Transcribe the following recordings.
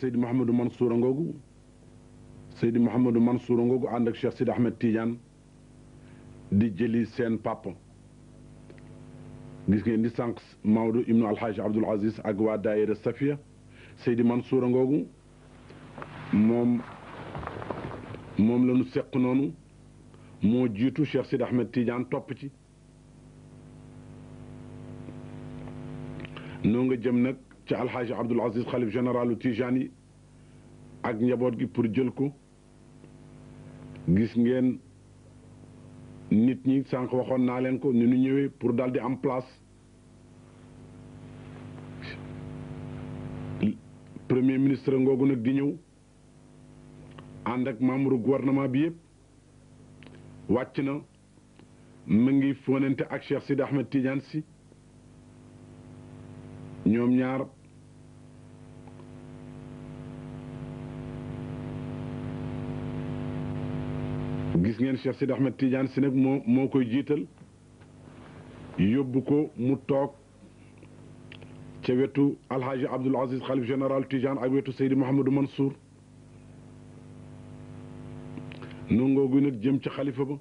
Seydi Mouhamadou Mansour a ngoogu Seydi Mouhamadou Mansour a ngoogu ànd ak Cheikh Sidi Ahmed Tidiane di jëli seen papa gis ngeen di sànq Maodo ibnu Alhaji Abdoul ak waa daayira Safia Seydi Mansour a ngoogu moom moom la ñu seq noonu moo jiitu Cheikh Sidi Ahmed Tidiane topp ci noo nga jëm nag ci alxaaji Abdul Aziz xalif généralu Tijaan yi ak njaboot gi pour jël ko gis ngeen nit ñi sànq waxoon naa leen ko ni nu ñëwee pour daal di am place premier ministre ngoogu nag di ñëw ànd ak membre gouvernement bi yëpp wàcc na mu ngi fonante ak Cheikh Sidi Ahmed Tidiane si ñoom ñaar gis ngeen Cheikh Sidi Ahmed Tidiane si nag moo moo koy jiital yóbbu ko mu toog ca wetu alhaji Abdoul Aziz xalif général Tidiane ak wetu Seydi Mouhamadou Mansour nungoo gu nag jëm ci xalifa ba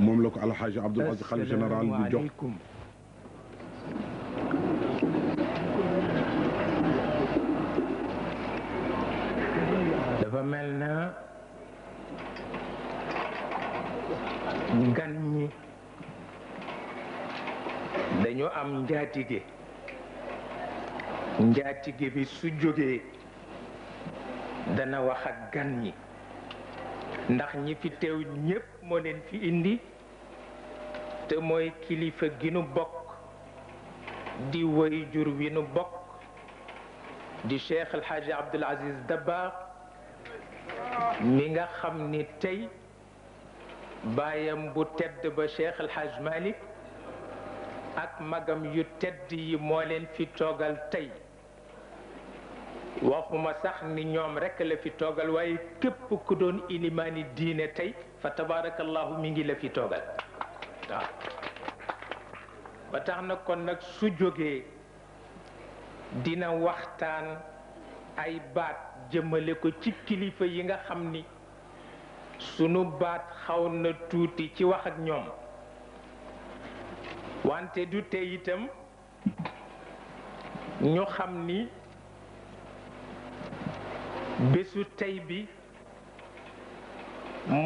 moom la ko alhaji Abdoul Aziz xalif général di jox am njaatige njaatige bi su jógee dana wax ak gan ñi ndax ñi fi teew ñépp moo leen fi indi te mooy kilifa gi nu bokk di woy jur wi nu bokk di cheikh alxaaji abdul aziz dabaax mi nga xam ni tey baayam bu tedd ba cheikh alxaaj malik ak magam yu tedd yi moo leen fi toogal tey waxuma sax ni ñoom rekk la fi toogal waaye képp ku doon ilimaani diine tey fa tabarakallahu mi ngi la fi toogal waaw tax na kon nag su jógee dina waxtaan ay baat jëmale ko ci kilifa yi nga xam ni sunu baat xaw na tuuti ci wax ak ñoom wante du te itam ñu xam ni bésu tey bi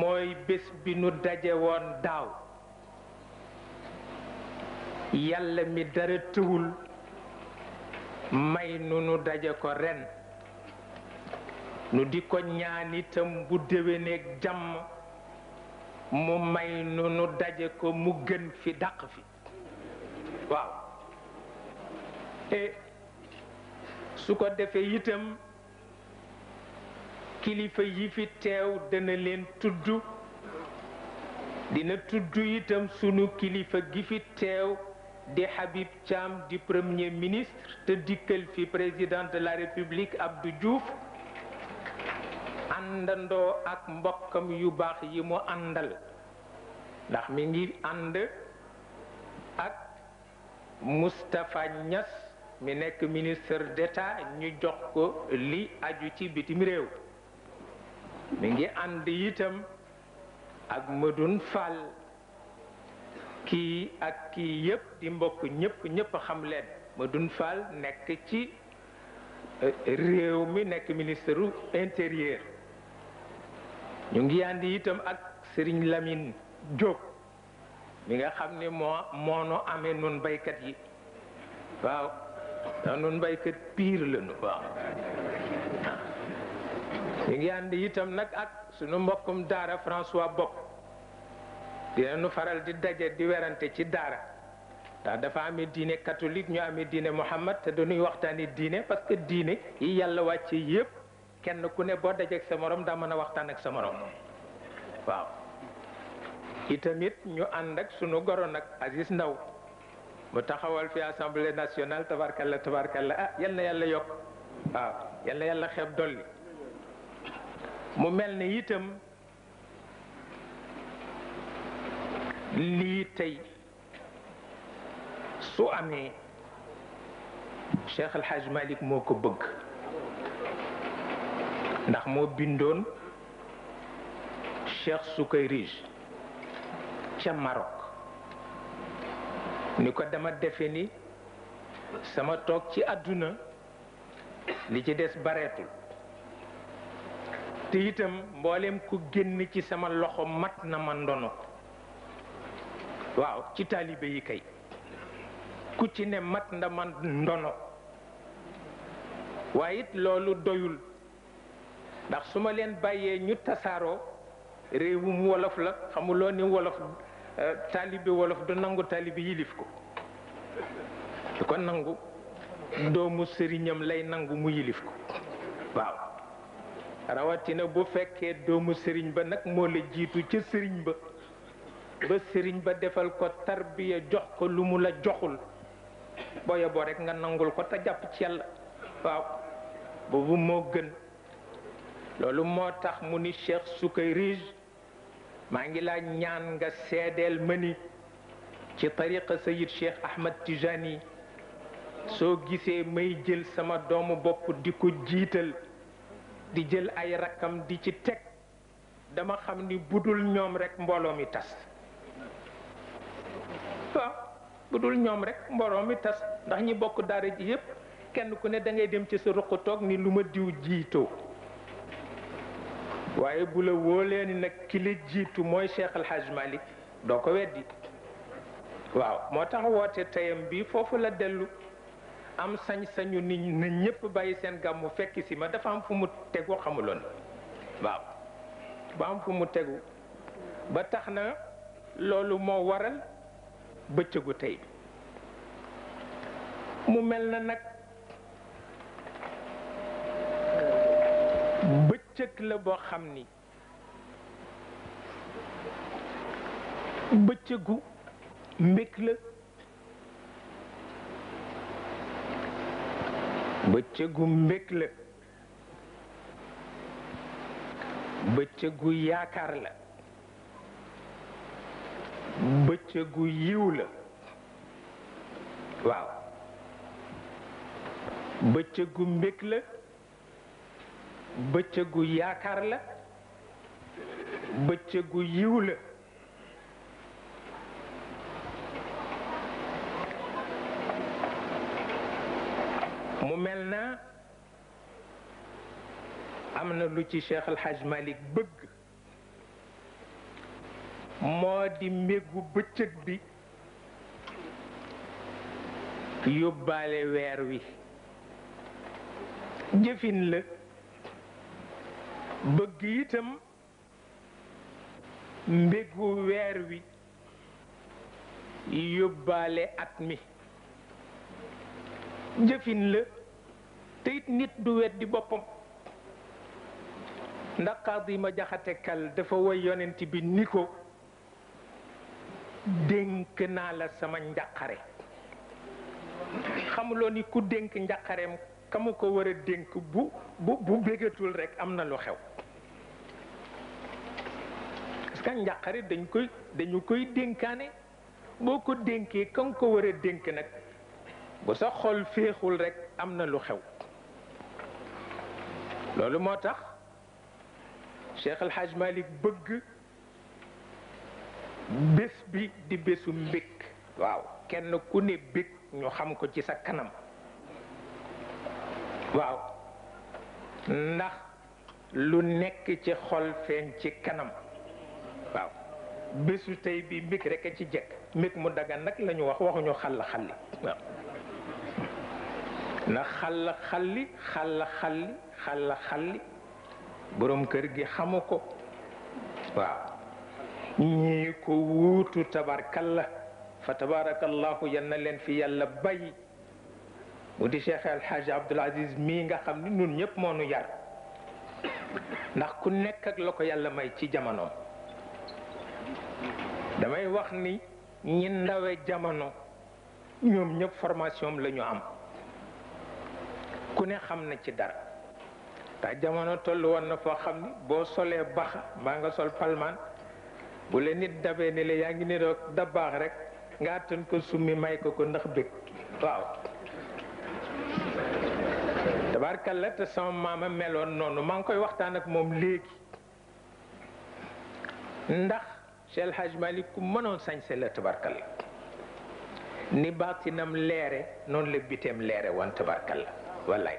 mooy bés bi nu dajewoon daaw yàlla mi dara tëwul may nu nu daje ko ren nu di ko ñaanitam itam bu déwéneeg jàmm mu may nu nu daje ko mu gën fi dàq fi waaw te su ko defee itam kilifa yi fi teew dana leen tudd dina tudd itam sunu kilifa gi fi teew di Habib Thiam di premier ministre te dikkal fi président de la république Abdou juuf àndandoo ak mbokkam yu baax yi mu àndal ndax mi ngi ànd ak Moustapha ñas mi nekk ministre d'État ñu jox ko li aju ci bitim réew mi ngi ànd itam ak Madoun Fall kii ak kii yëpp di mbokk ñëpp ñëpp xam leen Madoun Fall nekk ci eh, réew mi nekk ministre intérieur ñu ngi ànd itam ak Serigne lamin Diop mi nga xam ni moo moonu amee nun baykat yi waaw nun baykat piir lañu waaw mi ngi ànd itam nag ak sunu mbokkum daara François Bopp dina nu faral di daje di werante ci daara ndax dafa amee diine katolik ñu amee diine Muhammad te dañuy waxtaani diine parce que diine yi yàlla wàcce yépp kenn ku ne boo dajeek sa moroom daa mën a waxtaan ak sa morom waaw itamit ñu ànd ak sunu goro nag Aziz Ndaw mu taxawal fi assemblée nationale tabarkalla tabarkalla ah, yal na yàlla yokk waaw yal na yàlla xeeb dolli mu mel ni itam lii tey su amee Cheikh El Hadj moo ko bëgg ndax moo bindoon Cheikh Sukayrij ca Maroc ni ko dama defe ni sama toog ci àdduna li ci des bareetul te itam mboolem ku génn ci sama loxo mat na ma ndono waaw ci taalibe yi kay ku ci ne mat na ma ndono waaye it loolu doyul ndax su ma leen bàyyee ñu tasaaroo réewum wolof la xamuloo ni wolof taalibi wolof du nangu taalibi yilif ko du ko nangu doomu sëriñam lay nangu mu yilif ko waaw rawatina bu fekkee doomu sëriñ ba nag moo la jiitu ca sëriñ ba ba sëriñ ba defal ko tarbiya jox ko lu mu la joxul boo yeboo rek nga nangul ko te jàpp ci yàlla waaw boobu moo gën loolu moo tax mu ni Cheikh Sukayrij maa ngi laa ñaan nga seedeel ma ni ci tariqa sayid cheikh ahmad tijani soo gisee may jël sama doomu bopp di ko jiital di jël ay rakkam di ci teg dama xam ni budul ñoom rek mbooloo mi tas bu dul ñoom rek mbooloo mi tas ndax ñi bokk daara ji yépp kenn ku ne dangay dem ci sa ruq toog ni lu ma diw jiitoo waaye bu la wóolee ni nag ki jiitu mooy Cheikh El Hadj doo ko weddi waaw moo tax woote tayam bi foofu la dellu am sañ-sañu ni na ñëpp bàyyi seen gàmmu fekk si ma dafa am fu mu tegu xamuloon waaw ba am fu mu tegu ba tax na loolu moo waral bëccëgu tey mu mel na nag bëccëg boo xam ni bëccëgu mbég la bëccëgu mbég la bëccëgu yaakaar la bëccëgu yiw la waaw bëccëgu mbég la bëccëgu yaakaar la bëccëgu yiw la mu mel na am na lu ci Cheikh El Hadj bëgg moo di mbégu bëccëg bi yóbbaale weer wi jëfin la bëgg itam mbégu weer wi yóbbaale at mi jëfin la te it nit du weddi boppam ndax xaadi ma jaxate kal dafa woy yonent bi ni ko dénk naa la sama njàqare xamuloo ni ku dénk njàqareem kamu ko war dénk bu bu bu bégatul am na lu xew parce que dañ koy dañu koy dénkaane boo ko dénkee ka ko war dénk nag bu sa xol féexul rekk am na lu xew loolu moo tax Cheikh El Hadj Malick bëgg bés bi di bésu mbég waaw kenn ku ne bég ñu xam ko ci sa kanam waaw ndax lu nekk ci xol feeñ ci kanam waaw bésu tey bii mbig rekk a ci jekk mbig mu dagan nag lañu wax waxuñu xàll xalli ndax na xàll xalli xàll xalli xàll boroom kër gi xamu ko waaw ñii ko wuutu tabarkalla fa tabarakallahu yal na leen fi yàlla bàyyi mu di Cheikh El Hadj Abdoul Aziz mii nga xam ni nun ñëpp moo nu yar ndax ku nekk ak la ko yàlla may ci jamono damay wax ni ñi ndawe jamono ñoom ñëpp formation lañu am ku ne xam na ci dara ndax jamono toll woon na foo xam ni boo solee baxa mbaa nga sol palmaan bu la nit dabee ni la yaa ngi niroog da baax rek nga àttan ko summi may ko ko ndax bëgg waaw tabaarkalla te sama maama meloon noonu maa ngi koy waxtaan ak moom léegi ndax Cheikh Hadj Malick ku mënoon sañse la tabaarkalla ni baatinam leere noonu la biteem leere woon tabaarkalla wallaay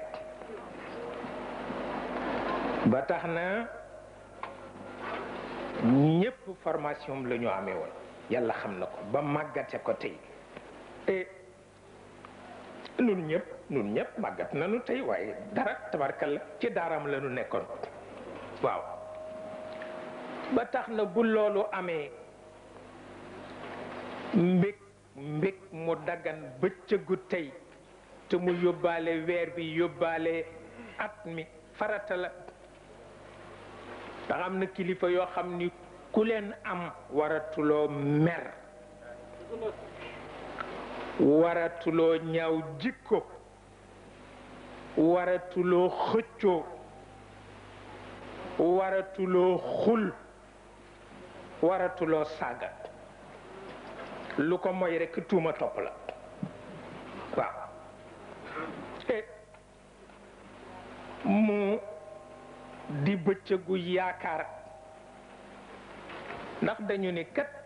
ba tax na ñépp formation lañu ñu amee woon yàlla xam na ko ba màggate ko tey nun ñëpp nun ñëpp màggat nañu tey waaye dara la ci daaraam la nekkoon waaw ba tax na bu loolu amee mbég mbég mu daggan bëccëgu tey te mu yóbbaale weer bi yóbbaale at mi farata la ndax na kilifa yoo xam ni ku leen am waratuloo mer waratuloo ñaw jikko waratuloo xëccoo waratuloo xul waratuloo saaga lu ko mooy rekk tuuma topp la waaw mu di bëccëgu yaakaar ndax dañu ni kat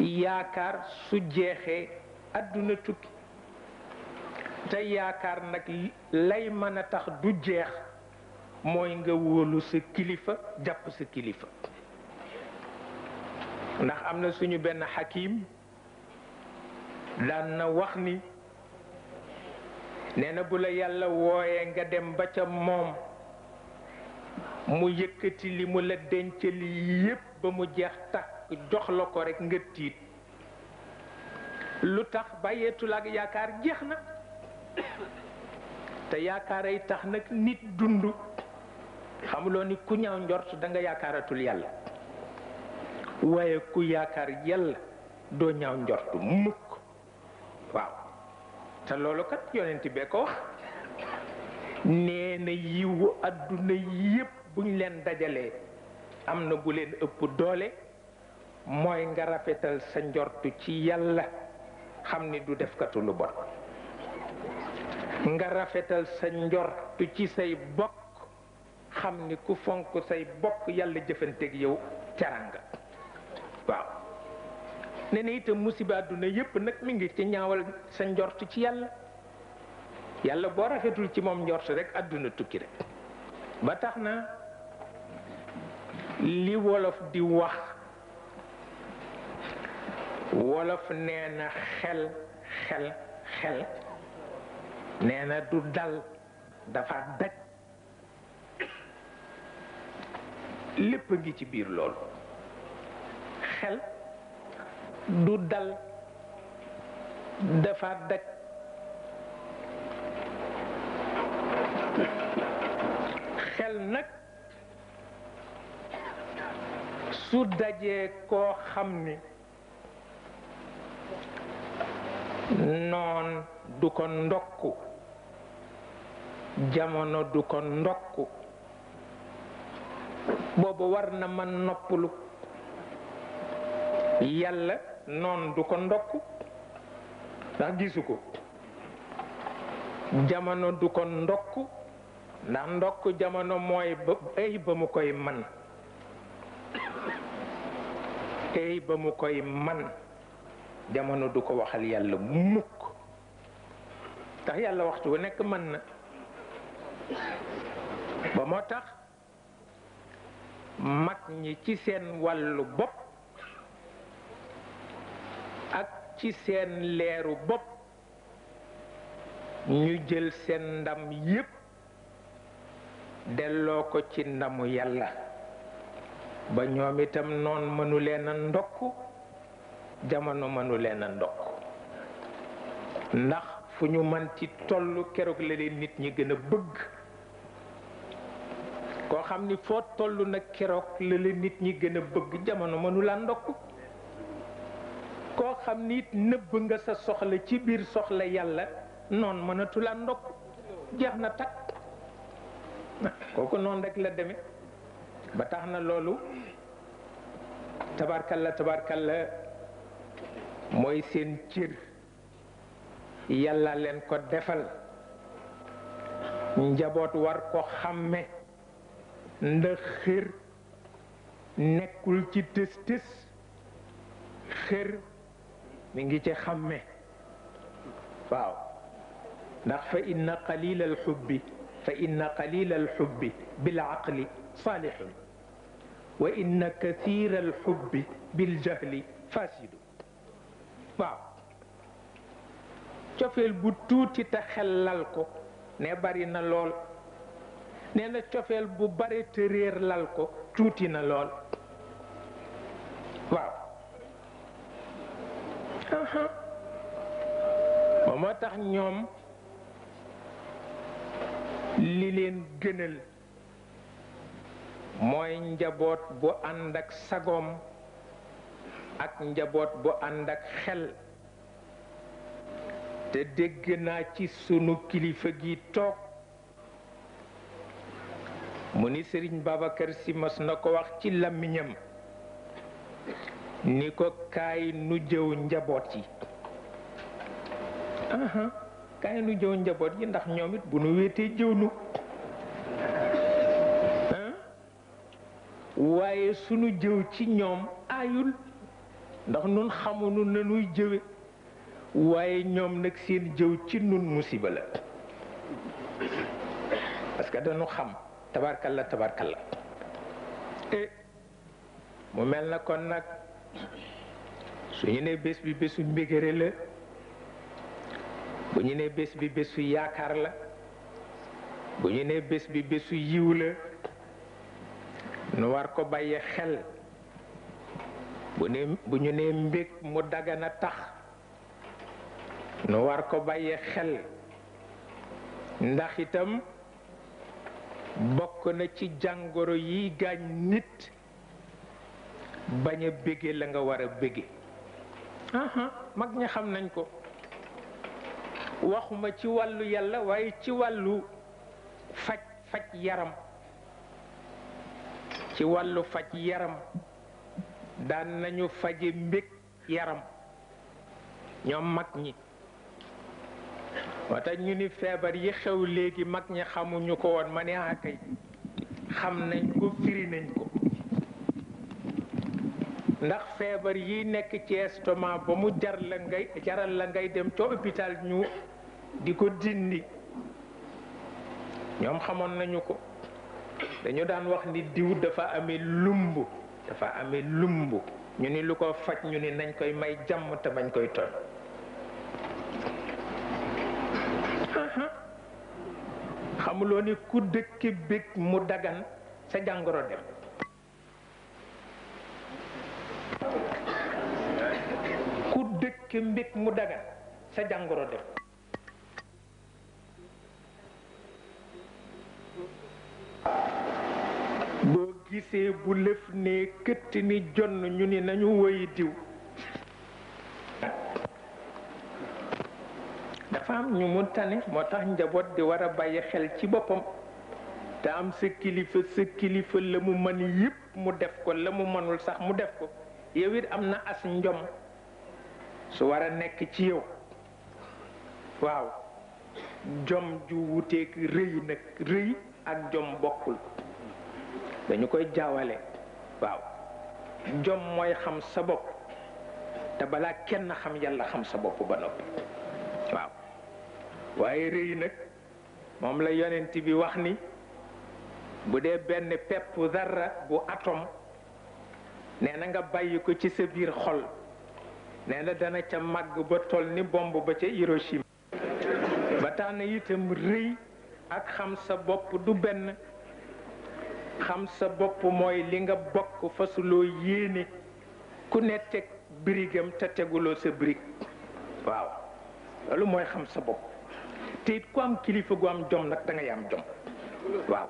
yaakaar su jeexee àdduna tukki te yaakaar nag lay mën a tax du jeex mooy nga wóolu sa kilifa jàpp sa kilifa ndax am na suñu benn xakim daan na wax ni nee na bu la yàlla wooyee nga dem ba ca moom mu yëkkati li mu la denc li yépp ba mu jeex takk jox la ko rek nga tiit lu tax bàyyeetul ak yaakaar jeex na te yaakaaray tax nag nit dund xamuloo ni ku ñaaw njort da nga yaakaaratul yàlla waaye ku yaakaar yàlla doo ñaaw njort mukk waaw te loolu kat yonent bee ko wax nee na yiwu àdduna yépp buñ leen dajalee am na bu leen ëpp doole mooy nga rafetal sa njortu ci yàlla xam ni du defkatu lu bon nga rafetal sa njortu ci say bokk xam ni ku fonk say bokk yàlla jëfanteeg yow caranga waaw ne na itam musiba àdduna yépp nag mi ngi ci ñaawal sa njort ci yàlla yàlla boo rafetul ci moom njort rekk àdduna tukki rek ba tax na li wolof di wax wolof nee na xel xel xel nee na du dal dafa daj lépp ngi ci biir loolu xel du dal dafa daj xel nag su dajee koo xam ni noon du ko ndokku jamono du ko ndokk boobu war na man noppulu yàlla noon du ko ndokk ndax gisu ko jamono du ko ndokk ndax ndokku jamono mooy ba ay ba mu koy man ay ba mu koy man jamono du ko waxal yàlla mukk ndax yàlla waxtu wu nekk mën na ba moo tax mag ñi ci seen wàllu bopp ak ci seen leeru bopp ñu jël seen ndam yépp delloo ko ci ndamu yàlla ba ñoom itam noon mënu leen a ndokk jamono mënu leen a ndokk ndax fu ñu mën ci toll keroog la leen nit ñi gën a bëgg koo xam ni foo toll nag keroog la leen nit ñi gën a bëgg jamono mënula laa ndokk koo xam nit it nëbb nga sa soxla ci biir soxla yàlla noon mënatula laa ndokk jeex na takk kooku noonu rek la demee ba tax na loolu tabarkalla tabarkalla mooy seen cër yàlla leen ko defal njaboot war ko xàmme ndax nekkul ci tës tës xër mi ngi ci xàmme waaw ndax fa inna qalila al xubbi fa inna qalila al xubbi bil wa inna kasira al xubbi bil jahli faasidu waaw cofeel bu tuuti te lal ko ne bari na lool nee na cofeel bu bare te réer lal ko tuuti na lool waaw moo tax ñoom li leen gënal mooy njaboot bu ànd ak sagoom ak njaboot bu ànd ak xel te dégg naa ci sunu kilifa gi toog mu ni sëriñ Babacar Si mas na ko wax ci làmmiñam ni ko kaay nu jëw njaboot yi kaay nu jëw njaboot yi ndax ñoomit bu nu wéetee jëw nu waaye sunu jëw ci ñoom aayul ndax nun nu ne nuy jëwe waaye ñoom nag seen jëw ci nun musiba la parce que dañu la tabarkalla la te eh, mu mel na kon nag su ñu ne bés bi bésu mbégére la bu ñu ne bés bi bésu yaakaar la bu ñu ne bés bi bésu yiw la nu war ko bàyyi xel bu ne bu ñu nee mbég mu dagana tax nu war ko bàyyi xel ndax itam bokk na ci jàngoro yi gaañ nit bañ a bége la nga war a bége aha mag ñi xam nañ ko waxuma ci wàllu yàlla waaye ci wàllu faj faj yaram ci wàllu faj yaram daan nañu faje mbég yaram ñoom mag ñi wata ñu ni feebar yi xew léegi mag ñi xamuñu ko woon ma ne akay ah, xam nañ ko firi ko ndax feebar yi nekk ci estomac ba mu jar la ngay jaral la ngay dem ca hôpital ñu di ko dindi ñoom xamoon nañu ko dañu daan wax ni diw dafa ame lumb dafa ame lumb ñu ni lu ko faj ñu ni nañ koy may jàmm te bañ koy tooñ xamuloo ni ku dëkk bég mu dagan sa jàngoro dem ku dëkk mbég mu dagan sa jàngoro dem gisee bu lëf ne këtt ni jonn ñu ni nañu woy diw dafa am ñu mu tane moo tax njaboot di wara bàyyi xel ci boppam te am sa kilifa sa kilifa la mu mën yépp mu def ko la mu mënul sax mu def ko yow am na as njom su wara nekk ci yow waaw jom ju wuteeg rëy nag rëy ak jom bokkul dañu koy jaawale waaw jom mooy xam sa bopp te balaa kenn xam yàlla xam sa bopp ba noppi waaw waaye rëy nag moom la yonent bi wax ni bu dee benn pepp dara bu atom nee na nga bàyyi ko ci sa biir xol nee na dana ca màgg ba toll ni bomb ba ca Hiroshima ba tax na itam rëy ak xam sa bopp du benn xam sa bopp mooy li nga bokk fasuloo yéene ku ne teg birigam te teguloo sa birig waaw loolu mooy xam sa bopp te it ku am kilifa gu am jom nag da am jom waaw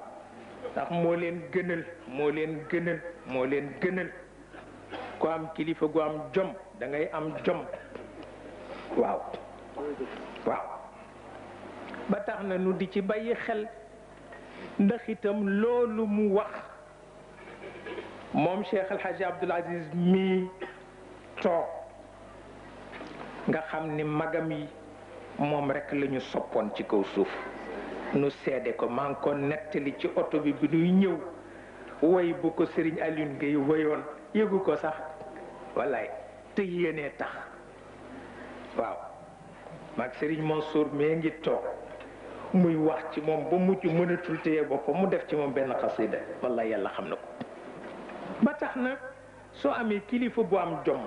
ndax moo leen gënal ku am kilifa gu am jom da am jom waaw ba tax na nu di ci bàyyi xel ndax itam loolu mu wax moom Cheikh El Hadj Aziz mii toog nga xam ni magam yi moom rekk lañu soppoon ci kaw suuf nu seede ko maa ngi nettali ci oto bi bi ñuy ñëw way bu ko sëriñ Alioune Gueye wayoon yëgu ko sax wallaay te yéenee tax waaw maag Serigne Mansour mee ngi toog muy wax ci moom ba mujj mënatul téye boppam mu def ci moom benn xasida walla yàlla xam na ko ba tax na soo amee kilifa bu am jom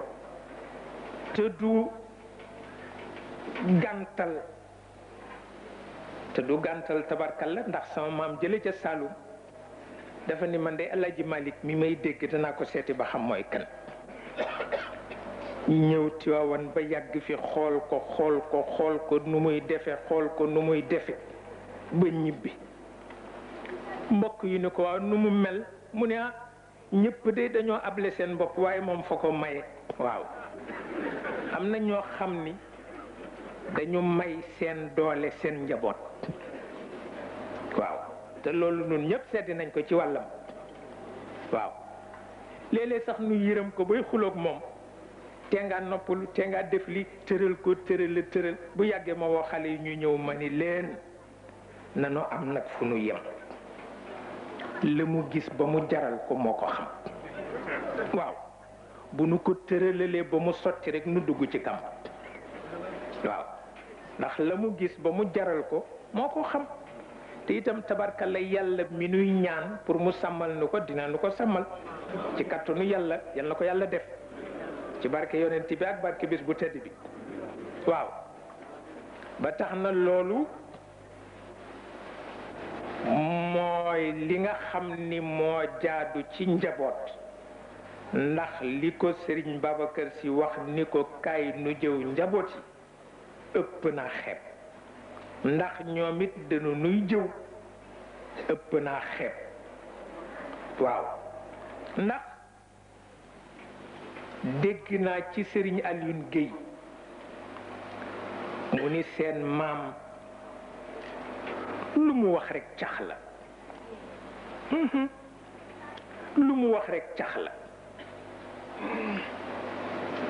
te du gàntal te du gàntal tabarkal la ndax sama maam jële ca Saalum dafa ni man de El Hadj Malick mi may dégg danaa ko seeti ba xam mooy kan ñëw Tiwaawan ba yàgg fi xool ko xool ko xool ko nu muy defe xool ko nu muy defe ba ñibbi mbokk yu ni ko waaw nu mu mel mu ne ah ñëpp de dañoo able seen bopp waaye moom fa ko maye waaw am na ñoo xam ni dañu may seen doole seen njaboot waaw te loolu nun ñëpp sedd nañ ko ci wàllam waaw léeg-léeg sax nu yërëm ko bay xuloog moom tee ngaa noppalu tee ngaa def li tëral ko tëral la tëral bu yàggee ma woo xale yi ñu ñëw ma ni leen nanu am nag fu nu yem la mu gis ba mu jaral ko moo ko xam waaw bu nu ko tëralalee ba mu sotti rek nu dugg ci kamp waaw la mu gis ba mu jaral ko moo ko xam te itam tabarkalla yàlla mi nuy ñaan pour mu sàmmal nu ko dina nu ko sàmmal ci kattanu yàlla yal ko yàlla def ci barke yonent bi ak barke bis bu tedd bi waaw ba tax na loolu mooy li nga xam ni moo jaadu ci njaboot ndax li ko sëriñ Babacar si wax ni ko kaay nu jëw njaboot yi ëpp naa xeeb ndax ñoom it dañu nuy jëw ëpp naa xeeb waaw ndax dégg naa ci Serigne Alioune Guèye mu ni seen maam lu mu wax rekk cax la mhm. lu mu wax rekk cax la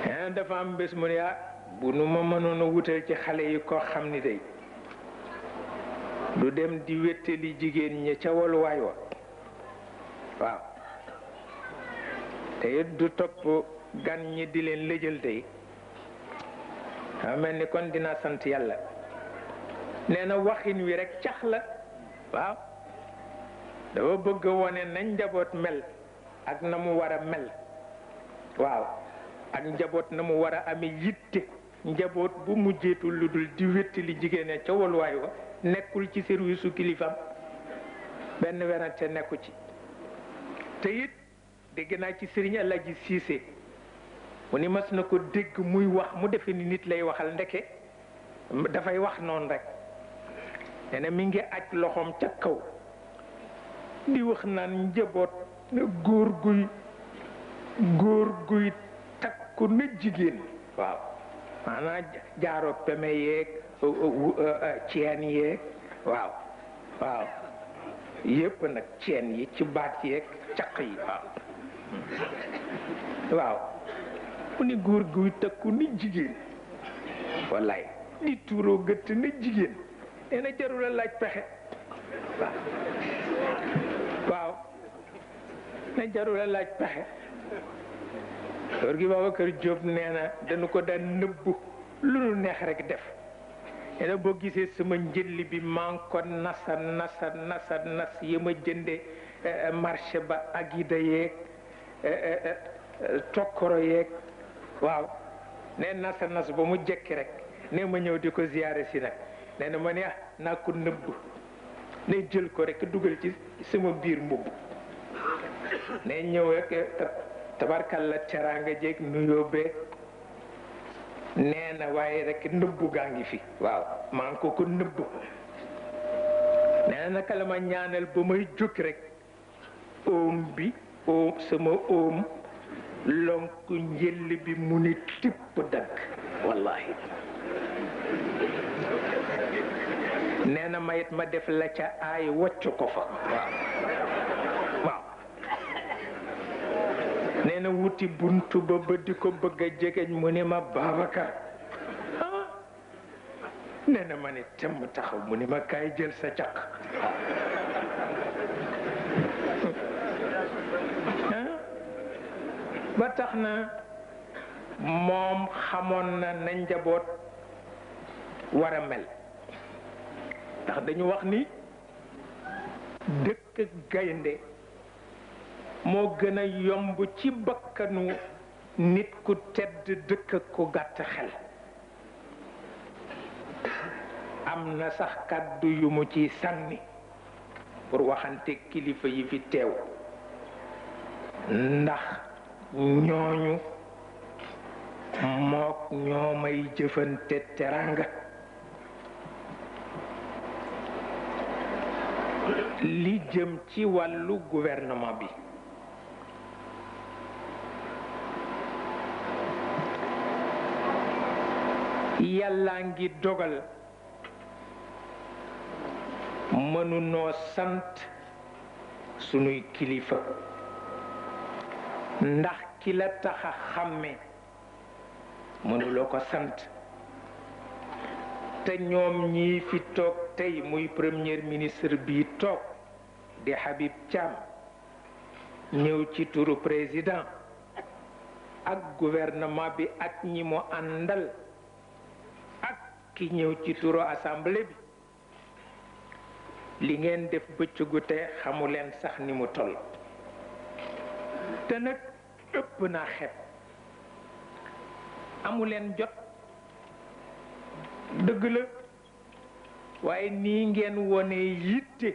ah, dafa am bés mu ne ah bu nu ma mënoona a wutal ci xale yi koo xam ni day du dem di wéttali jigéen ñi ca waluwaay wa waaw te it du topp gan ñi di leen lëjal tey waa mel ni kon dina sant yàlla nee na waxin wi rek cax la waaw dafa bëgg wone nañ njaboot mel ak na mu war a mel waaw ak njaboot na mu war a amee yitte njaboot bu mujjeetul lu dul di wéttali jigéen ca walwaay wa nekkul ci service su kilifam benn werante nekku ci te it dégg naa ci sëriñ Alaji Siise mu ni mas na ko dégg muy wax mu defe ni nit lay waxal ndeke dafay wax noonu rek nee na mi ngi aj loxoom ca kaw li wax naan njaboot góor guy góor guy takku na jigéen waaw maanaam jaaro peme yeeg ceen yeeg waaw waaw yépp nag ceen yi ci baat yeeg caq yi waaw waaw ni góor guy takku ni jigéen wallaay di tuuroo gëtt ni jigéen nee na laaj pexe waaw waaw na jarul laaj pexe góor gi Babacar Diop nee na dañu ko daan nëbbu lu nu neex rek def nee boo gisee sama njëlli bi maa ngi ko nasa nasa nasa nas yi jënde eh, eh, marché ba ak yi da yeeg eh, tokkoro yeeg waaw nee nasa nas ba mu jekki rek ne ma ñëw di ko ziyaare si nag nee na ma ne ah naa ko nëbb ne jël ko rek dugal ci sama biir mbubb ne ñëw rek tabarkal la teraanga jeeg nuyoo beeg nee na waaye rek nëbbu gaa ngi fi waaw maa ngi ko ko nëbb nee naka la ma ñaanal ba may jóg rek oom bi oom sama oom lonk njëll bi mu ni tipp dagg wallahi nee na ma ma def la ca aay wocc ko fa waaw nee na wuti bunt ba ba di ko bëgg a jegeñ mu ni ma Babacar ah. nee na ma ni temm taxaw mu ni ma kaay jël sa caq ba tax na moom xamoon na na njaboot war mel ndax dañu wax ni dëkk gaynde moo gën a yomb ci bakkanu nit ku tedd dëkk ku gàtt xel am na sax kàddu yu mu ci sànni pour waxante kilifa yi fi teew ndax ñooñu mook ñoo may jëfante teranga li jëm ci wàllu gouvernement bi yàlla ngi dogal mënunoo sant sunuy kilifa ndax ki la tax a xàmme mënuloo ko sant te ñoom ñii fi toog tey muy premier ministre bi toog di Habib Thiam ñëw ci turu président ak gouvernement bi ak ñi mu àndal ak ki ñëw ci turu assemblée bi li ngeen def bëccëgu te xamu leen sax ni mu toll te nag ëpp naa xet amu leen jot dëgg la waaye nii ngeen wone yitte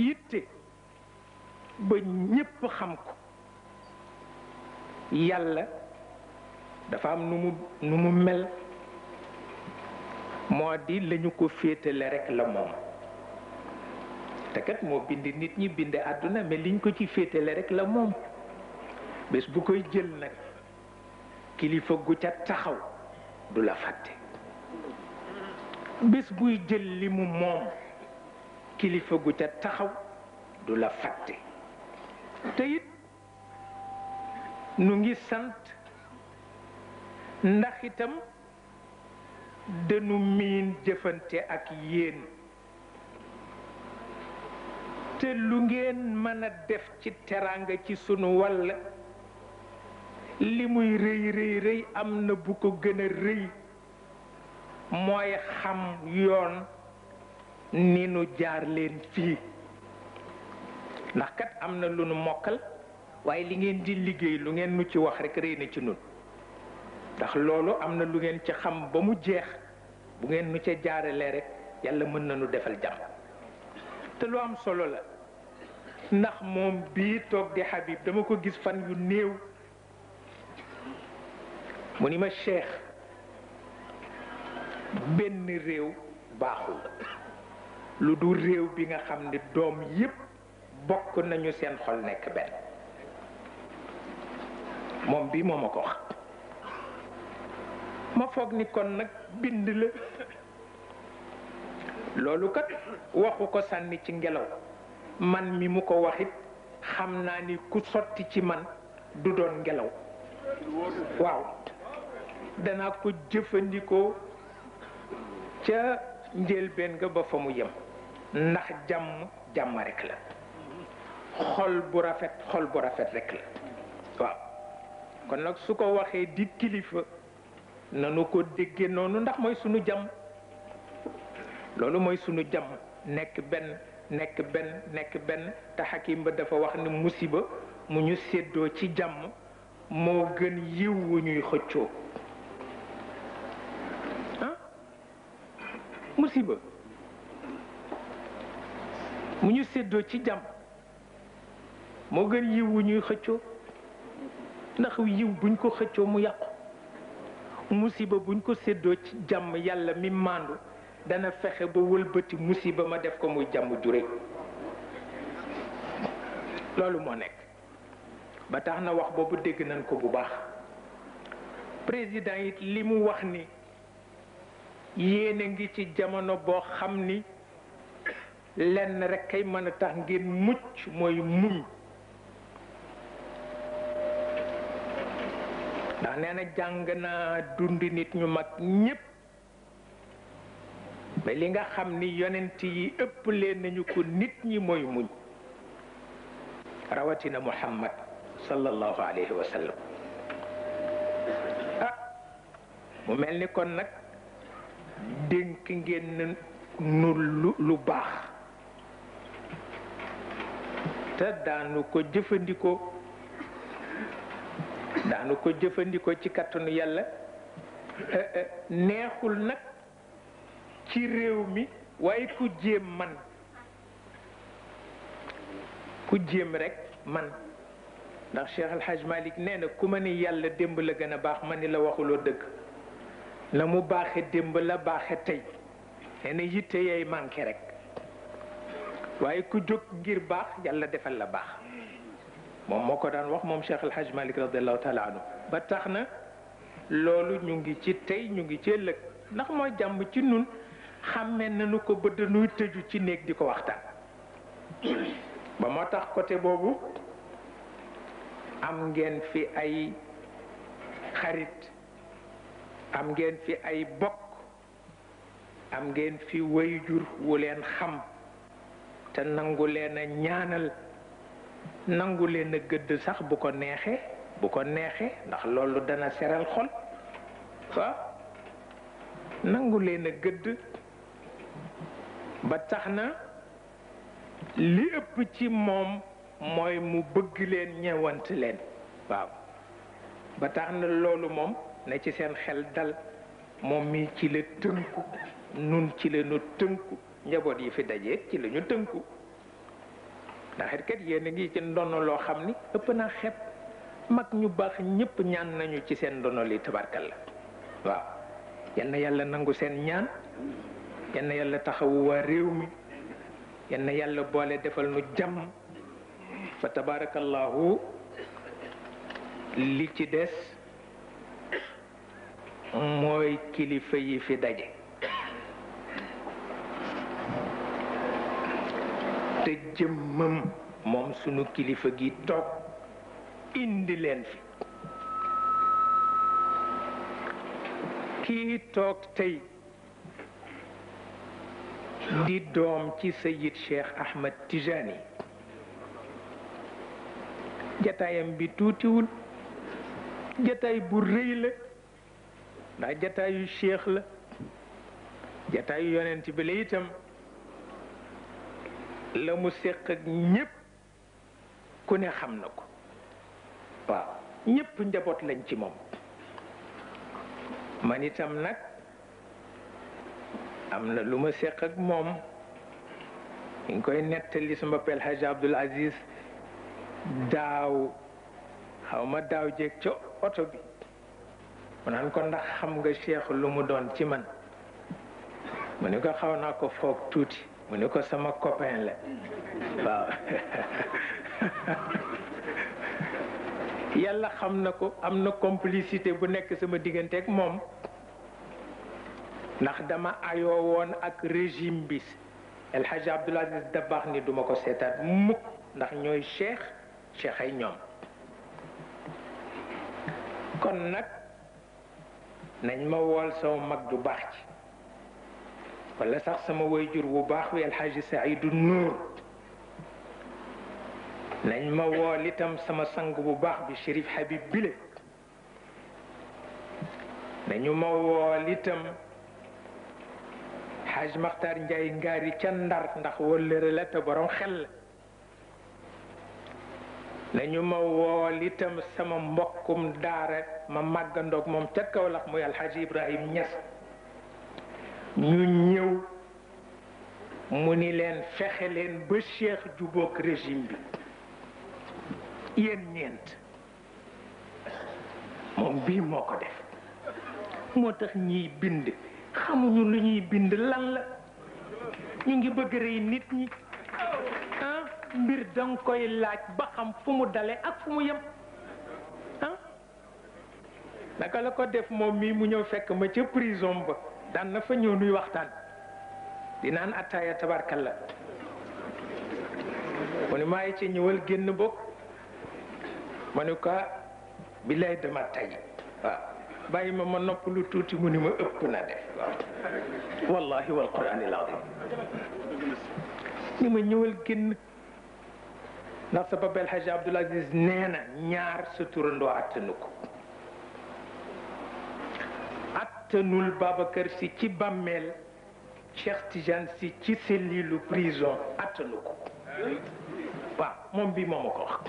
yitte ba ñépp xam ko yàlla dafa am nu mu nu mu mel moo di lañu ko féetale rekk la moom te kat moo bind nit ñi bind àdduna mais liñ ko ci féetale rekk la moom bés bu koy jël nag kilifa gu ca taxaw du la fàtte bés buy jël li mu moom kilifa gu ca taxaw du la fàtte te nu ngi sant ndaxitam itam miin jëfante ak yéen te lu ngeen mëna a def ci teraanga ci sunu wàll li muy rëy rëy rëy am na bu ko gën a rëy mooy xam yoon ni nu jaar leen fii ndax kat am na lu nu mokkal waaye li ngeen di liggéey lu ngeen nu ci wax rekk rëy na ci nun ndax loolu am na lu ngeen ci xam ba mu jeex bu ngeen nu ca jaaralee rekk yàlla mën na nu defal jàmm te lu am solo la ndax moom bii toog di Habib dama ko gis fan yu néew mu ni ma cheikh benn réew baaxul lu du réew bi nga xam ni doom yépp bokk nañu seen xol nekk benn moom bi moo ma ko wax ma foog ni kon nag bind la loolu waxu ko sànni ci ngelaw man mi mu ko waxit xam naa ni ku sotti ci man du doon ngelaw waaw danaa ko jëfandikoo ca njëlbeen ga ba fa mu yem ndax jàmm jàmm rek la xol bu rafet xol bu rafet rek la waaw kon nag su ko waxee di kilifa nanu ko déggee noonu ndax mooy sunu jàmm loolu mooy sunu jàmm nekk benn nekk benn nekk benn te xakim dafa wax ni musiba mu ñu séddoo ci jàmm moo gën yiw wu ñuy xëccoo musiba mu ñu seddoo ci jàmm moo gën yiw wu ñuy xëccoo ndax yiw buñ ko xëccoo mu yàqu musiba buñ ko seddoo ci jàmm yàlla mi màndu dana fexe ba wëlbati musiba ma def ko muy jàmm jure loolu moo nekk ba tax na wax boobu dégg nañ ko bu baax président it li mu wax ni yéen ngi ci jamono boo xam ni lenn rek kay mën a tax ngir mucc mooy muñ ndax nee na jàng naa dund nit ñu mag ñépp mais li nga xam ni yonent yi ëpp leen nañu ko nit ñi mooy muñ rawatina muhammad sallallahu alayhi wa ah mu mel ni kon nag dénk ngeen nu lu baax te daanu ko jëfandikoo daanu ko jëfandikoo ci kattanu yàlla eh, eh, neexul nag ci réew mi waaye ku jéem man ku jéem rekk man ndax Cheikh Al Hadj nee na ku ma ni yàlla démb la gën a baax ma ni la waxuloo dëgg na mu baaxe démb la baaxe tey nee na yitte yay manqué rek waaye ku jóg ngir baax yàlla defal la baax moom moo ko daan wax moom Cheikh El Hadj Malick radiallahu taala ba tax na loolu ñu ngi ci tey ñu ngi ci lëg ndax mooy jàmm ci nun xàmme nañu ko ba dañuy tëju ci néeg di ko waxtaan ba moo tax côté boobu am ngeen fi ay xarit am ngeen fi ay bokk am ngeen fi wayjur wu leen xam te nangu leen a ñaanal nangu leen a gëdd sax bu ko neexee bu ko neexee ndax loolu dana seral xol nangu leen a gëdd ba tax na li ëpp ci moom mooy mu bëgg leen ñewant leen waaw ba tax na loolu moom na ci seen xel dal moom mi ci la tënku nun ci la nu tënku njaboot yi fi dajeet ci lañu tënku ndax it yéen a ngi ci ndono loo xam ni ëpp naa xeeb mag ñu baax ñëpp ñaan nañu ci seen ndono li tabarkal la waaw yal na yàlla nangu seen ñaan yal na yàlla taxawu waa réew mi yal na yàlla boole defal nu jàmm fa tabarakallahu li ci des mooy kilifa yi fi daje te jëmmam moom sunu kilifa gi toog indi leen fi kii toog tey di doom ci sayit Cheikh Ahmed Tijani jataayam bi tuutiwul jataay bu rëy la ndax jataayu cheikh la jataayu yonent bi la itam la mu séq ak ñépp ku ne xam na ko waaw ñépp njaboot lañ ci moom man itam nag am na lu ma séq ak moom ñu koy nettali sama pel Hajj Abdul Aziz daaw xaw ma daaw jeeg ca oto bi mu naan ko ndax xam nga cheikh lu mu doon ci man mu ni ko xaw naa ko foog tuuti mu ni ko sama copain la yàlla xam na ko am na complicité bu nekk sama diggante ak moom ndax dama ayoo woon ak régime bi El Hadj Abdoul Aziz Dabakh ni duma ko seetaat mukk ndax ñooy cheikh cheikh ñoom kon nag nañ ma wool sama mag ju baax ci wala sax sama wayjur bu baax wi alxaaji Saidu Nuur nañ ma wool itam sama sang bu baax bi Chérif Habib Bile nañu ma wool itam xaaj Maxtaar Njaay ngaari ca Ndar ndax wëllëre la te borom xel nañu ma wool itam sama mbokkum daara ma màggandoog moom ca Kaolack muy alxaaji Ibrahim Ñas ñu ñëw mu ni leen fexe leen ba cheikh jubóog régime bi yéen ñeent moom bii moo ko def moo tax ñiy bind xamuñu lu ñuy bind lan la ñu ngi bëgg rey nit ñi mbir danga koy laaj ba xam fu mu dale ak fu mu yem ah naka la ko def moom mii mu ñëw fekk ma ca prison ba daan na fa ñëw nuy waxtaan di naan attaaya tabarkalla mu ne maa ci ñëwal génn bokk ma ne ko billaay dama tay waaw bàyyi ma ma nopp lu tuuti mu ni ma ëpp na def waaw wallahi wal quraanil azim ni ma ñëwal génn ndax sa papa El Hadj Abdoul Aziz nee na ñaar sa turandoo attanu ko attanul Babacar si ci bàmmeel Cheikh Tidiane si ci cellule prison attanu ko waaw moom bi moo ma ko wax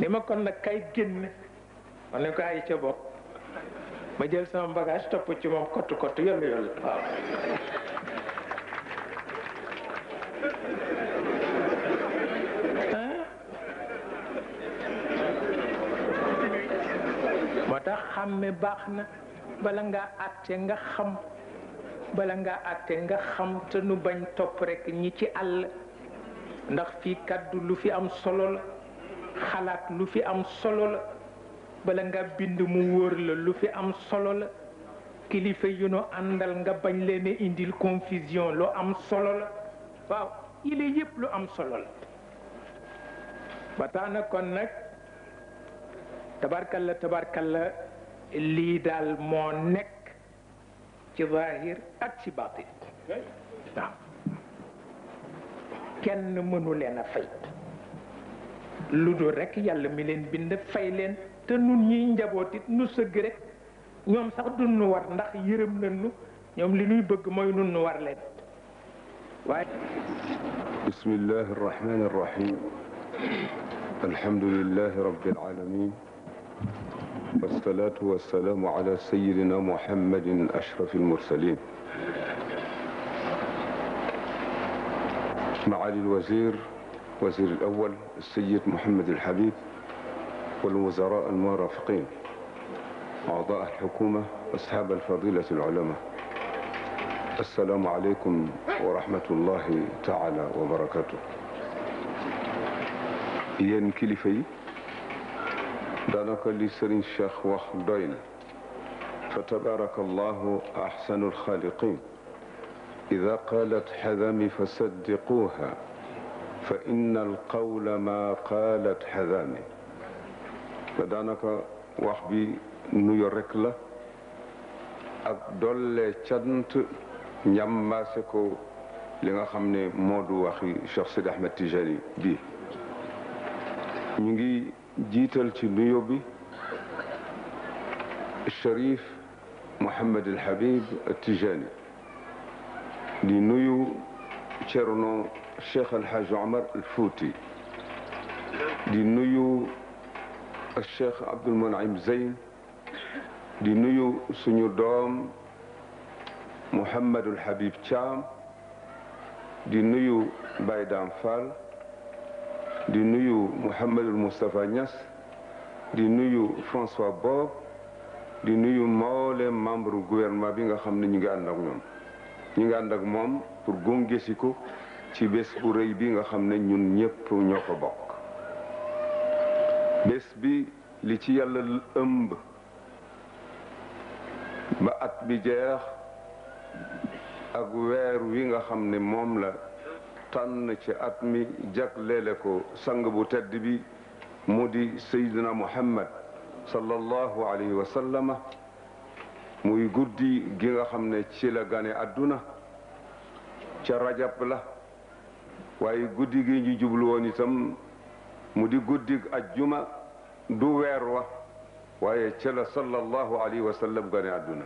ni ma kon nag kay génn ma ne ko ay ca bopp ma jël sama bagage topp ci moom kott kott yollu yollu xàmme baax na bala ngaa àtte nga xam bala ngaa àtte nga xam te nu bañ topp rekk ñi ci àll ndax fii kàddu lu fi am solo la xalaat lu fi am solo la bala nga bind mu wóor la lu fi am solo la kilifa yu nu àndal nga bañ leen indil confusion lu am solo la waaw yile yépp lu am solo la ba tax na kon nag tabarkalla lii daal moo nekk ci zahir ak ci batin waaw kenn mënu a fay lu dul rek yàlla mi leen bind fay leen te nun ñiy njaboot it nu sëgg rek ñoom sax du nu war ndax yërëm nañ nu ñoom li ñuy bëgg mooy nun nu war leen waaye bismillahi arrahmani arrahim alhamdulillahi rabbil alamin والصلاة والسلام على سيدنا محمد أشرف المرسلين معالي الوزير وزير الأول السيد محمد الحبيب والوزراء المرافقين أعضاء الحكومة أصحاب الفضيلة العلماء السلام عليكم ورحمة الله تعالى وبركاته yéen kilifa yi daanaka li Serigne Cheikh wax doy na fa tabaraka allahu axsanu alxaaliqin ida qalat xadami fa saddiquuha fa inna alqawla ma qalat xadami te daanaka wax bi nuyo rek la ak dolle cant njàmbaase ko li nga xam ne moo du waxi Cheikh Sidi Ahmed Tijani bi jiital ci nuyoo bi Cherif Mouhamed El Habib Tijani di nuyu Cerno Cheikh El Hadj Omar El Fouti di nuyu Cheikh Abdoul Mounaim Zeyn di nuyu suñu doom Mouhamed El Habib Thiam di nuyu Baye Dame Fall di nuyu Mouhamadul Moustapha Niass di nuyu François Bob di nuyu mboolem membre gouvernement bi nga xam ne ñu ngi ànd ak ñu ngi moom pour gunge si ko ci bés bu rëy bi nga xam ne ñun ñëpp ñoo ko bokk bés bi li ci yàlla ëmb ba at bi jeex ak weer wi nga xam ne moom la tànn ci at mi jagleele ko sang bu tedd bi mu di Seydina Muhammad sallallahu alayhi wa sallama muy guddi gi nga xam ne ci la gane àdduna ca rajab la waaye guddi gi ñu jublu woon itam mu di guddig ajjuma du weer wa waaye ca la sallallahu alayhi wa sallam gane àdduna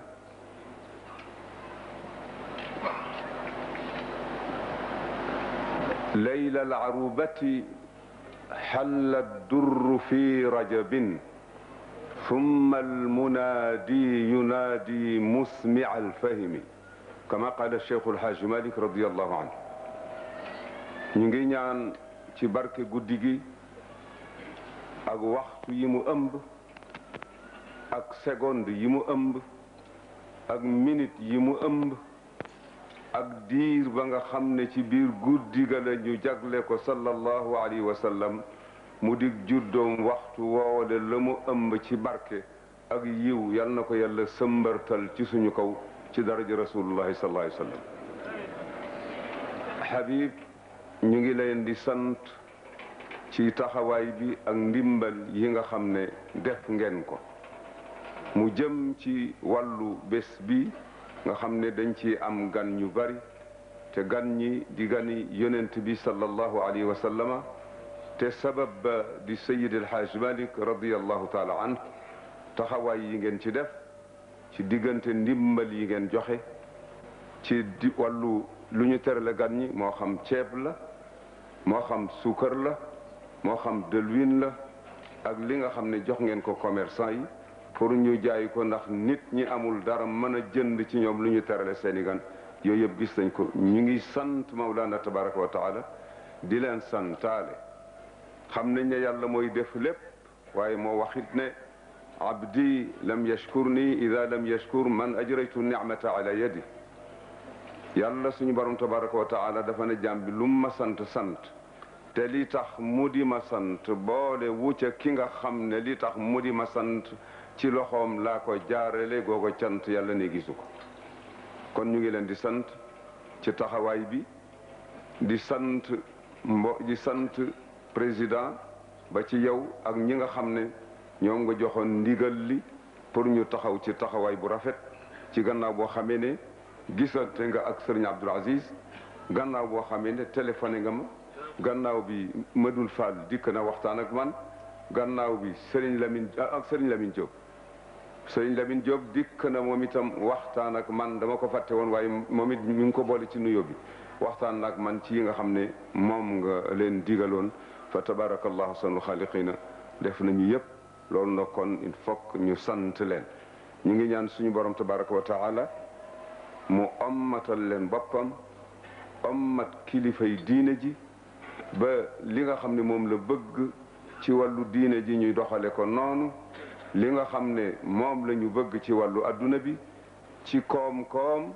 ليل العروبة حل الدر في رجب ثم المنادي ينادي مسمع الفهم كما قال الشيخ الحاج مالك رضي الله عنه ñu ngi ñaan ci barke guddi gi ak waxtu yi mu ëmb ak seconde yi mu ëmb ak minute yi mu ëmb ak diir ba nga xam ne ci biir guddi ga la ñu jagle ko sallallahu alayhi wa sallam mu dig juddoom waxtu woowale la mu ëmb ci barke ak yiw yal na ko yàlla sëmbartal ci suñu kaw ci daraja rasulullahi sallallahu alayhi wa ñu ngi leen di sant ci taxawaay bi ak ndimbal yi nga xam ne def ngeen ko mu jëm ci wàllu bés bi nga xam ne dañ ci am gan ñu bari te gan ñi di gani yonent bi sallallahu alayhi wa sallama te sabab ba di sayid alhaaj malik radiallahu taala an taxawaay yi ngeen ci def ci diggante ndimbal yi ngeen joxe ci di wàllu lu ñu terale gan ñi moo xam ceeb la moo xam suukar la moo xam dëlwin la ak li nga xam ne jox ngeen ko commerçant yi pour ñu jaay ko ndax nit ñi amul dara mën a jënd ci ñoom lu ñu terale seeni gan yooyu yëpp gis nañ ko ñu ngi sant Mawlana tabaraka wa taala di leen santaale xam nañ ne yàlla mooy def lépp waaye moo waxit ne abdi lam yashkur ni ida lam yashkur man ajraytu nicmata ala yadi yàlla suñu borom tabaraka wa taala dafa ne jàmm bi lu ma sant sant te li tax mu di ma sant boole wu ki nga xam ne li tax mu di ma sant ci loxoom laa ko jaarale googu cant yàlla ne gisu ko kon ñu ngi leen di sant ci taxawaay bi di sant mbo sant président ba ci yow ak ñi nga xam ne ñoom nga joxoon ndigal li pour ñu taxaw ci taxawaay bu rafet ci gannaaw boo xamee ne gisante nga ak sëriñ Abdoul Aziz gannaaw boo xamee ne téléphone nga ma gannaaw bi Madoul Fall dikk na waxtaan ak man gannaaw bi Serigne Lamine ak Serigne Lamine Diop sëriñ Lamine Diop dikk na moom itam waxtaan ak man dama ko fàtte woon waaye moom it ñu ngi ko boole ci nuyoo bi waxtaan ak man ci nga xam ne moom nga leen digaloon fa tabarakallahu ahsanul xaaliqiina def nañu yëpp loolu nag kon il faut ñu sant leen ñu ngi ñaan suñu borom tabaraka wa taala mu ommatal leen boppam ommat kilifay diine ji ba li nga xam ne moom la bëgg ci wàllu diine ji ñuy doxale ko noonu li nga xam ne moom lañu bëgg ci wàllu àdduna bi ci koom-koom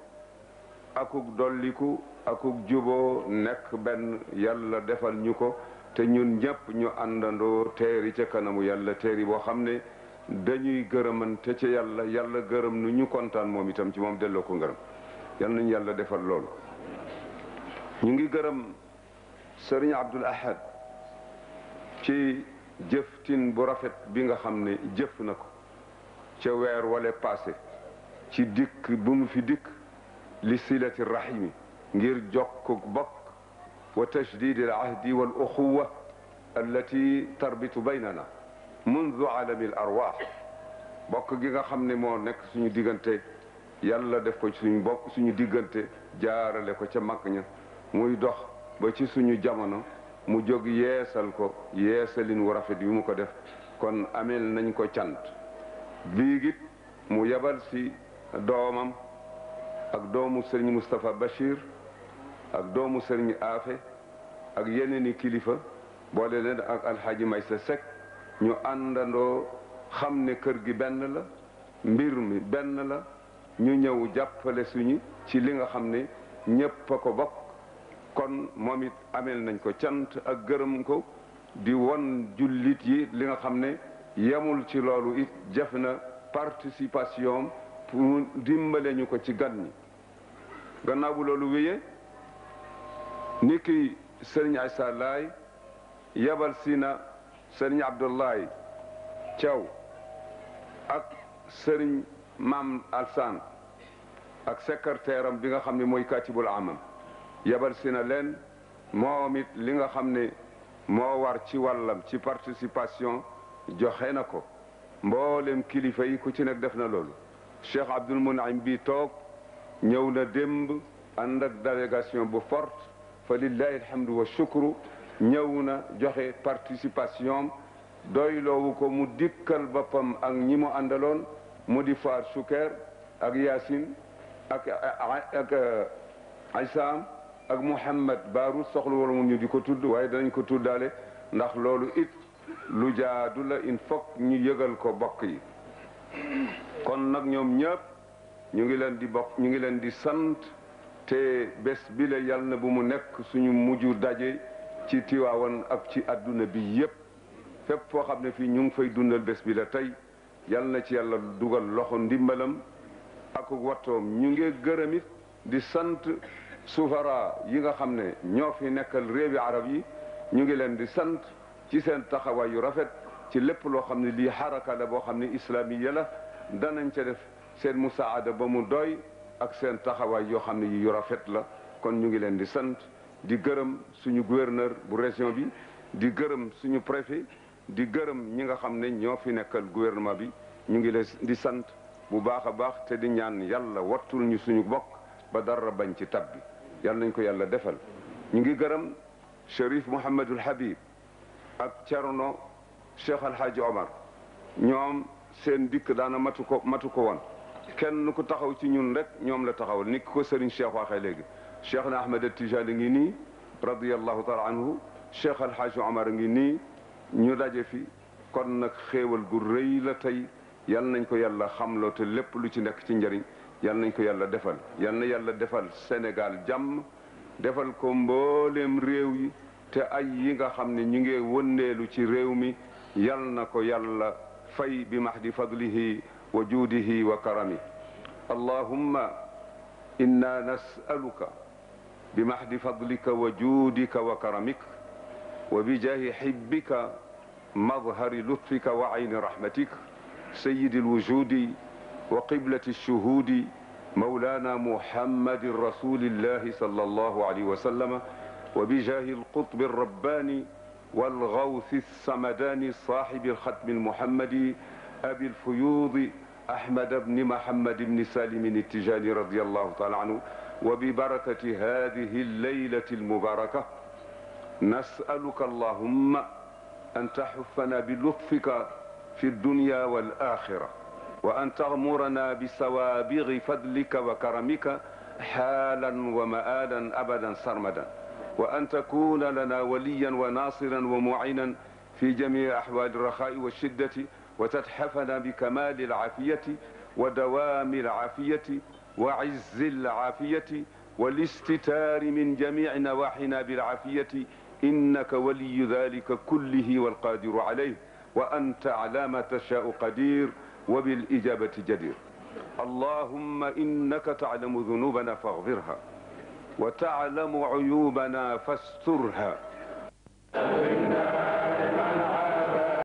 akuk dolliku akuk juboo nekk benn yàlla defal ñu ko te ñun ñëpp ñu àndandoo teeri ca kanamu yàlla teeri boo xam ne dañuy gërëmante ca yàlla yàlla gërëm nu ñu kontaan moom itam ci moom delloo ko ngërëm yal nañu yàlla defal loolu ñu ngi gërëm sëriñ Abdul Ahad ci jëftin bu rafet bi nga xam ne jëf na ko ca weer wala passé ci dikk bu mu fi dikk li silati rahimi ngir jokk bokk wa tajdid al ahdi wal uxuwa allati tarbitu baynana mundu alami al arwaax bokk gi nga xam ni moo nekk suñu diggante yàlla def ko ci suñu suñu diggante jaarale ko ca mag ña muy dox ba ci suñu jamono mu jóg yeesal ko yeesalin wu rafet yu mu ko def kon ameel nañ ko cant biigit mu yabal ci doomam ak doomu sëriñ Moustapha Bachir ak doomu sëriñ Afe ak yeneeni kilifa boole leen ak alxaaji may sa Seck ñu àndandoo xam ne kër gi benn la mbir mi benn la ñu ñëw jàppale suñu ci li nga xam ne ñépp a ko bokk kon moom it ameel nañ ko cant ak gërëm ko di won jullit yi li nga xam ne yamul ci loolu it jëf na participation pour dimbale ñu ko ci gan ñi gannaaw bu loolu wéyee ni sëriñ Aïssa yabal si na sëriñ Abdoulaye caw ak sëriñ Maam Alsaan ak secrétaire bi nga xam ne mooy kàccibul amam yabal si na leen moom it li nga xam ne moo war ci wàllam ci participation joxe na ko mboolem kilifa yi ku ci nekk def na loolu Cheikh Abdoul Mounaim bi toog ñëw na démb ànd ak délégation bu fort fa lillahi alhamdu wa shukru ñëw na joxe participation doyloowu ko mu dikkal boppam ak ñi mu àndaloon mu di faar sukeer ak yaasin ak ak aysaam ak Mouhamed Baaru soxla wala ñu di ko tudd waaye danañ ko tuddaale ndax loolu it lu jaadu la il faut ñu yëgal ko bokk yi kon nag ñoom ñëpp ñu ngi leen di bokk ñu ngi leen di sant te bés bi la yàlla na bu mu nekk suñu mujj daje ci Tiwaawan ak ci àdduna bi yépp fépp foo xam ne fii ñu ngi fay dundal bés bi la tey yal na ci yàlla dugal loxo ndimbalam ak wattoom ñu ngi gërëm di sant sufara yi nga xam ne ñoo fi nekkal réewi arab yi ñu ngi leen di sant ci seen taxawaay yu rafet ci lépp loo xam ne lii xaraka la boo xam ne islamiya la danañ ca def seen musaada ba mu doy ak seen taxawaay yoo xam ne yi yu rafet la kon ñu ngi leen di sant di gërëm suñu gouverneur bu région bi di gërëm suñu préfet di gërëm ñi nga xam ne ñoo fi nekkal gouvernement bi ñu ngi leen di sant bu baax a baax te di ñaan yàlla wattul ñu suñu bokk ba dara bañ ci tab bi yal nañ ko yàlla defal ñu ngi gërëm Cherif Mouhamadul Habib ak Thierno Cheikh Al Hadj Omar ñoom seen dikk daana matu ko matu ko woon kenn ku taxaw ci ñun rek ñoom la taxawal ni ko Serigne Cheikh waxee léegi Cheikh na Ahmed Tijani ngi nii radiyallahu taala anhu Cheikh Al Hadj Omar ngi nii ñu daje fi kon nag xéewal gu rëy la tey yal nañ ko yàlla xamloo te lépp lu ci nekk ci njëriñ. yal nañ ko yàlla defal yal na yàlla defal Sénégal jàmm defal ko mbooleem réew yi te ay yi nga xam ne ñu ngi wëndeelu ci réew mi yal na ko yàlla fay bi mahdi fadlihi wa juudihi wa karami allahumma inna nasaluka bi mahdi fadlika wa juudika wa karamik wa bi jaahi hibbika madhari lutfika wa ayni rahmatik sayyidil wujudi wa qiblati shuhuudi mawlaana muhammadin rasulillahi sallallahu alayhi wa sallama wa bijaahi alqutbi rabbaani والغوث الصمدان صاحب الختم المحمدي أبي الفيوض أحمد بن محمد بن سالم التجاني رضي الله تعالى عنه وببركة هذه الليلة المباركة نسألك اللهم أن تحفنا بلطفك في الدنيا والآخرة wa an taxmurana bi sawaabiri fadlika wa karamika xaalan wa maalan abadan sarmadan wa an takuna lana waliyan wa naasiran wa muinan fi jamii axwaali raxaai wa shiddati wa tatxafana bi kamaali alcaafiyati wa dawaami alcaafiyati wa izzi alcaafiyati walistitaari min jamiici nawaaxina bilcaafiyati innaka waliyu dalika kullihi walqaadiru calayh wa anta calaa maa tashaau qadiir wabil ijabati jadir allahumma innaka taalamu dunubana faghfirha wa taalamu uyubana fasturha